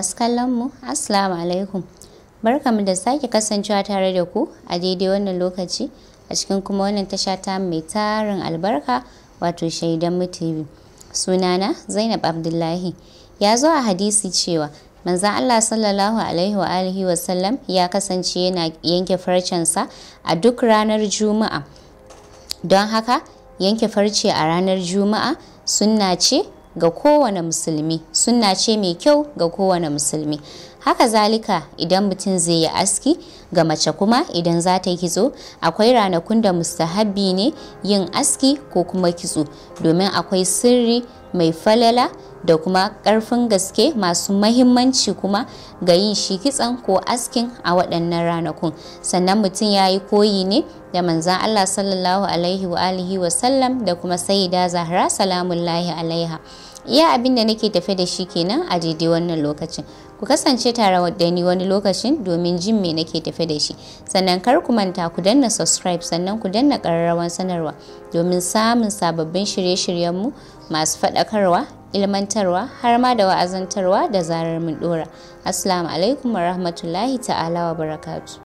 masu kallon mu assalamu alaikum barkamu da sake kasancewa tare da ku a daidai wannan lokaci a cikin kuma wannan tasha ta mai tarin albarka wato shaidan mu sunana zainab abdullahi ya zo a hadisi cewa manzon Allah sallallahu alaihi wa alihi wa ya kasance yana yanke farcensa a duk ranar juma'a don haka yanke farce a ranar juma'a sunna ce ga kowane musulmi sunna ce mai kyau ga kowane musulmi haka zalika idan mutum zai yi aski ga mace kuma idan za ta kitso akwai ranakun da mustahabbi ne yin aski ko kuma kitso domin akwai sirri mai falala da kuma karfin gaske masu mahimmanci kuma ga yin shi kitsan ko askin a waɗannan ranakun sannan mutum ya yi koyi ne da manzan Allah sallallahu alaihi wa alihi da kuma sayida zahra salamullahi alaiha iya abin da nake tafe da shi kenan a daidai wannan lokacin ku kasance tare da ni wani lokacin domin jin me nake tafe da shi sannan kar ku manta ku danna subscribe sannan ku danna ƙararrawan sanarwa domin samun sababbin shirye-shiryenmu masu faɗakarwa ilmantarwa har ma da wa'azantarwa da zarar mun ɗora assalamu alaikum wa rahmatullahi ta'ala wa barakatuh